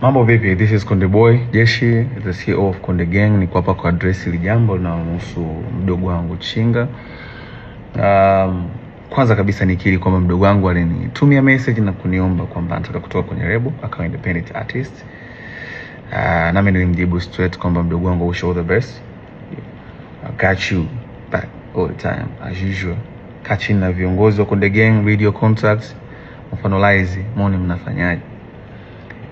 Mambo vipi? This is Konde Boy Jeshi, the CEO of Konde Gang. Niko hapa kwa address hili jambo linalohusu mdogo wangu Chinga. Um, kwanza kabisa nikiri kwamba mdogo wangu alinitumia message na kuniomba kwamba anataka kutoka kwenye lebo akawa independent artist. Uh, nami nilimjibu straight kwamba mdogo wangu wish all the best. I got you back all the time as usual. Kachini na viongozi wa Konde Gang, video contacts, mfano Lies, mbona mnafanyaje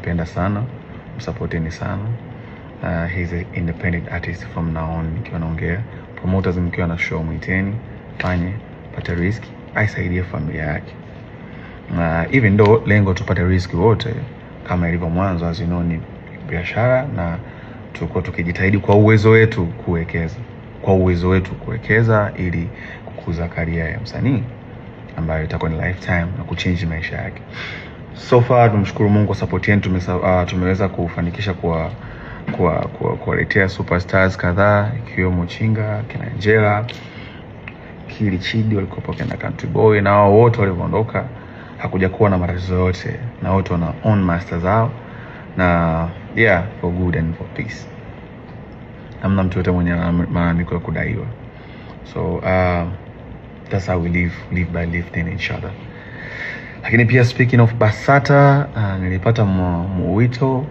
nampenda sana, msupporteni sana. Uh, he's an independent artist from now on. Nikiwa naongea promoters, mkiwa na show mwiteni, fanye pata risk, aisaidie familia yake. Na Uh, even though lengo tupate risk wote kama ilivyo mwanzo, as you know, ni biashara na tulikuwa tukijitahidi kwa uwezo wetu kuwekeza kwa uwezo wetu kuwekeza ili kukuza karia ya msanii ambayo itakuwa ni lifetime na kuchange maisha yake. So far tumshukuru Mungu kwa support yetu uh, tumeweza kufanikisha kwa kuwaletea superstars kadhaa ikiwemo Chinga, kina njela kilichidi Chidi walikuwa kina Country Boy na wao wote walivyoondoka hakuja kuwa na matatizo yote na wote wana own master zao na yeah for good and for peace. Hamna mtu yote mwenye malalamiko ya kudaiwa. So uh, that's how we live, live by lifting each other. Lakini pia speaking of BASATA uh, nilipata mwito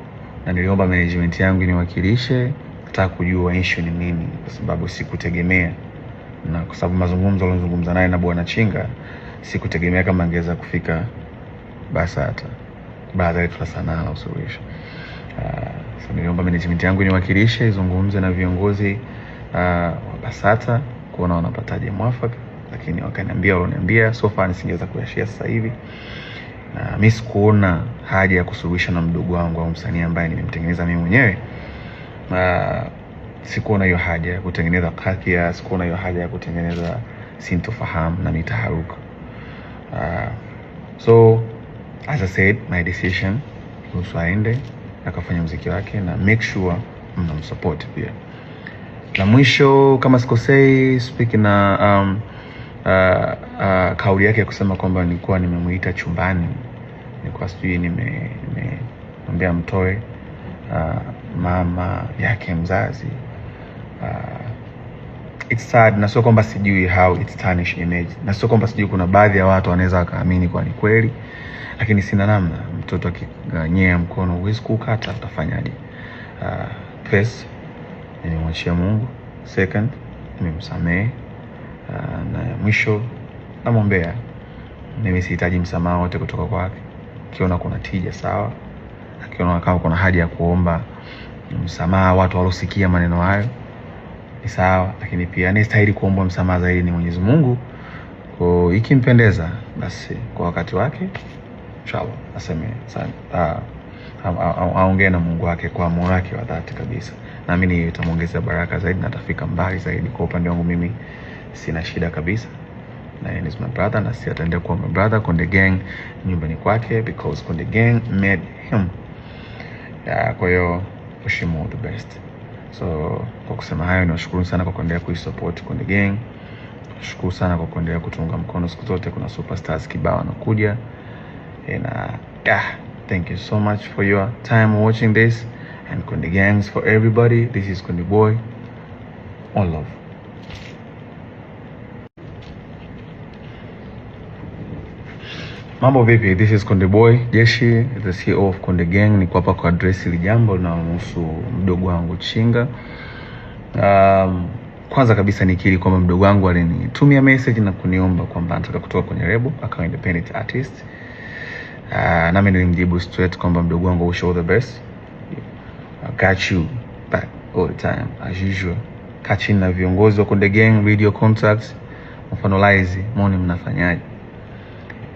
na niliomba management yangu niwakilishe, nataka kujua issue ni nini, kwa sababu sikutegemea, na kwa sababu mazungumzo alizungumza naye na bwana Chinga sikutegemea kama angeweza kufika BASATA, baada ya sanaa na usuluhisho uh, so niliomba management yangu niwakilishe, izungumze na viongozi uh, wa BASATA kuona wanapataje mwafaka lakini wakaniambia waloniambia so far nisingeweza kuyashia sasa hivi, na mi sikuona haja ya kusuluhisha na mdogo wangu au msanii ambaye nimemtengeneza mi mwenyewe na sikuona hiyo haja ya kutengeneza kakia, sikuona hiyo haja ya kutengeneza sintofahamu na mitaharuka. Uh, ah, so as I said my decision kuhusu aende akafanya mziki wake na make sure mnamsupport pia. La mwisho kama sikosei, speaking na um, uh, uh, kauli yake ya kusema kwamba nilikuwa nimemuita chumbani, nilikuwa sijui nimeambia nime mtoe uh, mama yake mzazi uh, it's sad, na sio kwamba sijui how it's tarnish image, na sio kwamba sijui, kuna baadhi ya watu wanaweza wakaamini kwa ni kweli, lakini sina namna. Mtoto akinyea mkono huwezi kukata, utafanyaje? Uh, first nimemwachia Mungu, second nimemsamehe Ah, na mwisho namwombea. Mimi sihitaji msamaha wote kutoka kwake. Akiona kuna tija sawa, akiona kama kuna haja ya kuomba msamaha watu walosikia maneno hayo ni sawa, lakini pia anayestahili kuomba msamaha zaidi ni Mwenyezi Mungu. Kwa ikimpendeza, basi kwa wakati wake inshallah aseme ah, aongee na Mungu wake kwa moyo wake wa dhati kabisa, naamini itamwongezea baraka zaidi na atafika mbali zaidi. Kwa upande wangu mimi sina shida kabisa na yeye ni my brother na si ataendea kuwa my brother. Konde Gang nyumbani kwake because Konde Gang made him. Ya, kwa hiyo Oshimo the best. So kwa kusema hayo, nashukuru sana kwa kuendelea kuisupport Konde Gang. Nashukuru sana kwa kuendelea kutunga mkono siku zote, kuna superstars kibao wanakuja. Na yeah, uh, thank you so much for your time watching this and Konde Gangs for everybody. This is Konde Boy. All love. Mambo vipi? This is Konde Boy Jeshi, the CEO of Konde Gang. Niko hapa kwa address ile jambo linalohusu mdogo wangu Chinga. Um, kwanza kabisa nikiri kwamba mdogo wangu alinitumia message na kuniomba kwamba anataka kutoka kwenye lebo akawa independent artist. Uh, nami nilimjibu straight kwamba mdogo wangu wish all the best. I got you back all the time as usual. Kachini na viongozi wa Konde Gang, video contacts, mfano Laizi, mwone mnafanyaje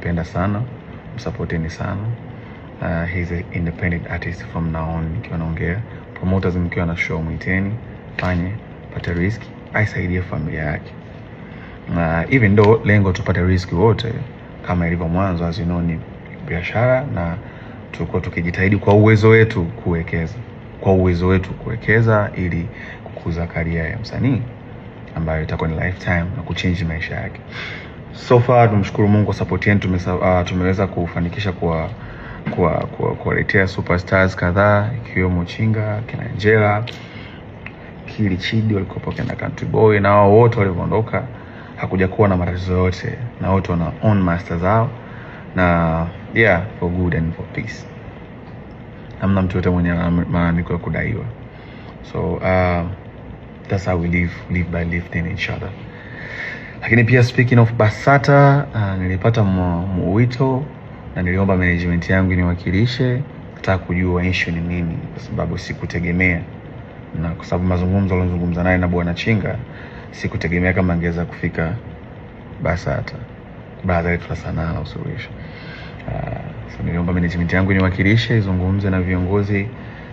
nampenda sana, msupporteni sana. Uh, he's an independent artist from now on. Nikiwa naongea promoters, mkiwa na show mwiteni, fanye pate risk, aisaidie familia yake. na Uh, even though lengo tupate risk wote kama ilivyo mwanzo, as you know, ni biashara na tuko tukijitahidi kwa uwezo wetu kuwekeza kwa uwezo wetu kuwekeza ili kukuza karia ya msanii ambayo itakuwa ni lifetime na kuchange maisha yake. So far tumshukuru Mungu kwa support yetu uh, tumeweza uh, kufanikisha kwa kwa kuwaletea superstars kadhaa ikiwemo Chinga, kina Angela, Kili Chidi walikuwa kina Country Boy na wao wote walivyoondoka hakuja kuwa na matatizo yote na wote wana own master zao na yeah for good and for peace. Hamna mtu yote mwenye malalamiko ya kudaiwa. So uh, that's how we live, live by lifting each other. Lakini pia speaking of BASATA uh, nilipata mwito na niliomba management yangu niwakilishe, nataka kujua issue ni nini, kwa sababu sikutegemea, na kwa sababu mazungumzo alizungumza naye na bwana Chinga sikutegemea kama angeweza kufika BASATA, baraza letu la sanaa la usuluhisho. Uh, so niliomba management yangu niwakilishe, izungumze na viongozi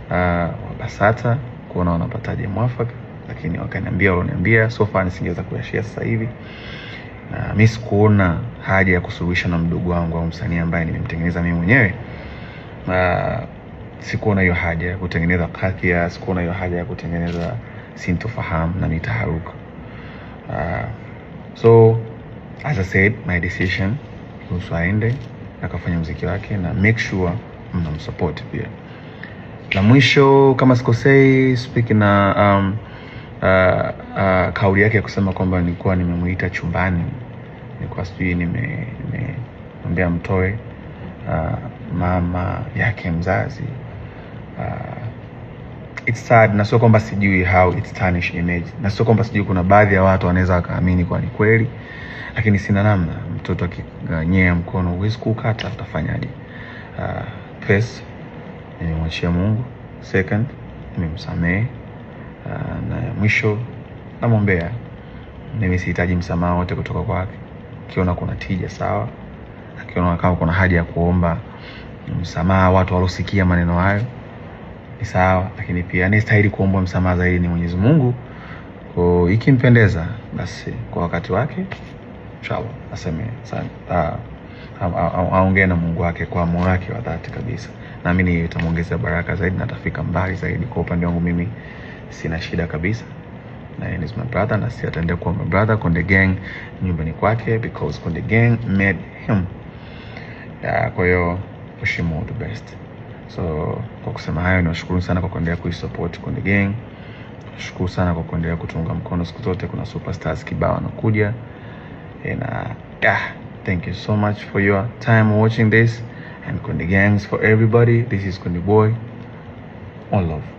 uh, wa BASATA kuona wanapataje mwafaka lakini wakaniambia walioniambia, so far nisingeweza kuyashia sasa hivi, na mi sikuona haja ya kusuluhisha na mdogo wangu au msanii ambaye nimemtengeneza mimi mwenyewe. na sikuona hiyo haja ya kutengeneza kadhia, sikuona hiyo haja ya kutengeneza sintofahamu na nitaharuka. Uh, so as I said my decision kuhusu aende akafanya mziki wake na make sure mnamsupport pia. La mwisho kama sikosei, speaking na um, uh, uh, kauli yake ya kusema kwamba nilikuwa nimemuita chumbani, nilikuwa sijui nimeambia mtoe uh, ah, mama yake mzazi uh, it's sad, na sio kwamba sijui how it's tarnish image, na sio kwamba sijui, kuna baadhi ya watu wanaweza wakaamini kwa ni kweli, lakini sina namna. Mtoto akinyea mkono huwezi kukata, utafanyaje? Uh, first nimemwachia Mungu, second nimemsamehe Ah, na mwisho namwombea. Mimi sihitaji msamaha wote kutoka kwake. Akiona kuna tija sawa, akiona kama kuna haja ya kuomba msamaha watu walosikia maneno hayo ni sawa, lakini pia ni stahili kuomba msamaha zaidi ni Mwenyezi Mungu. Kwa ikimpendeza basi kwa wakati wake inshallah aseme ah, aongee na Mungu wake kwa moyo wake wa dhati kabisa, naamini itamwongezea baraka zaidi na atafika mbali zaidi. Kwa upande wangu mimi sina shida kabisa na yeye is my brother na si ataendea kuwa my brother. Konde Gang nyumbani kwake because Konde Gang made him. yeah, Kwa hiyo heshimu the best. So kwa kusema hayo, niwashukuru sana kwa kuendelea kuisupport Konde Gang. Shukuru sana kwa kuendelea kutunga mkono siku zote. Kuna superstars kibao wanakuja na uh, yeah, thank you so much for your time watching this and Konde Gangs for everybody. This is Konde Boy, all love.